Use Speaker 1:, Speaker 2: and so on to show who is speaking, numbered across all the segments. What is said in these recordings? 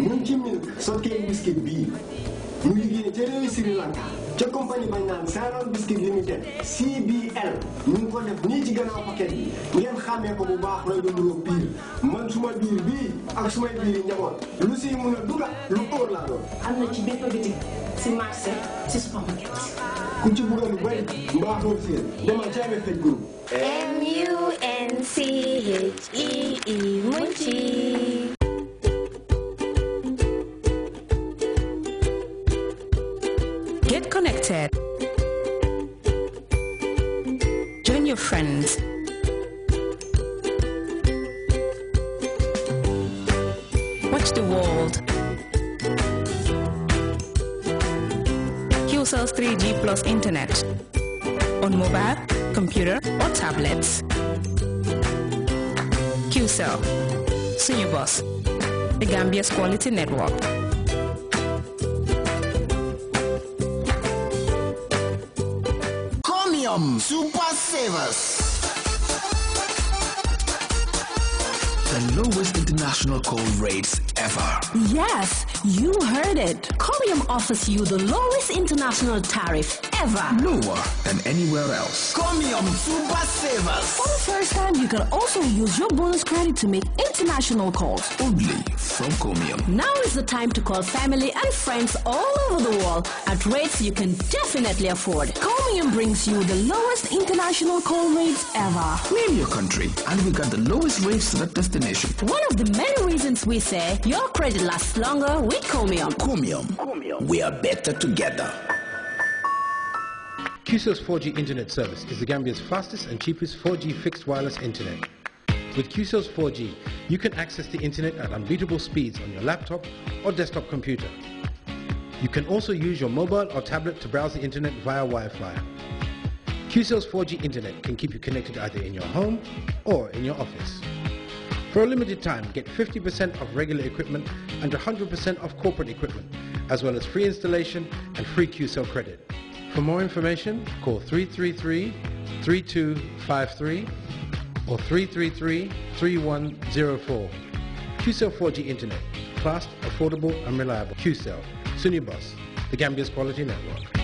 Speaker 1: munchimi sotkee biscuit bii mu liggéey ca réewi Sri Lanka ca compagnie bañ naan Saral Biscuit Limited CBL ñu ngi ko def nii ci a paquet bi ngeen xàmmee ko bu baax looy doon mën a biir man suma biir bii ak sumay biir yi njaboot lu siy mun a duga lu óor laa doon. na ci bépp si marché si supermarket. ku ci bëggoon lu bëri mbaax loolu si yéen demal ci MFH group. M
Speaker 2: U N C H E
Speaker 1: Join your friends. Watch
Speaker 2: the world. Qcell 3G plus internet on mobile, computer or tablets.
Speaker 1: QCell, Senior Boss, the Gambia's quality network. Super Savers. The lowest international call rates ever.
Speaker 2: Yes, you heard it. Corium offers you the lowest international tariff ever. Lower than anywhere else. Corium Super Savers. For the first time, you can also use your bonus credit to make international calls. Only from Comium. Now is the time to call family and friends all over the world at rates you can definitely afford. Comium brings you the lowest international call rates ever.
Speaker 1: Name your country and we got the lowest rates to that destination.
Speaker 2: One of the many reasons we say your credit lasts longer with Comium. Comium. Comium.
Speaker 1: We are better together. QCell's 4G internet service is the Gambia's fastest and cheapest 4G fixed wireless internet. With QCell's 4G, you can access the internet at unbeatable speeds on your laptop or desktop computer. You can also use your mobile or tablet to browse the internet via Wi-Fi. QCell's 4G internet can keep you connected either in your home or in your office. For a limited time, get 50% of regular equipment and 100% of corporate equipment, as well as free installation and free QCell credit. For more information, call 333-3253 or 333-3104. QCell 4G Internet. Fast, affordable and reliable. QCell. Sunibus. The Gambia's Quality Network.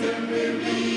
Speaker 2: Listen to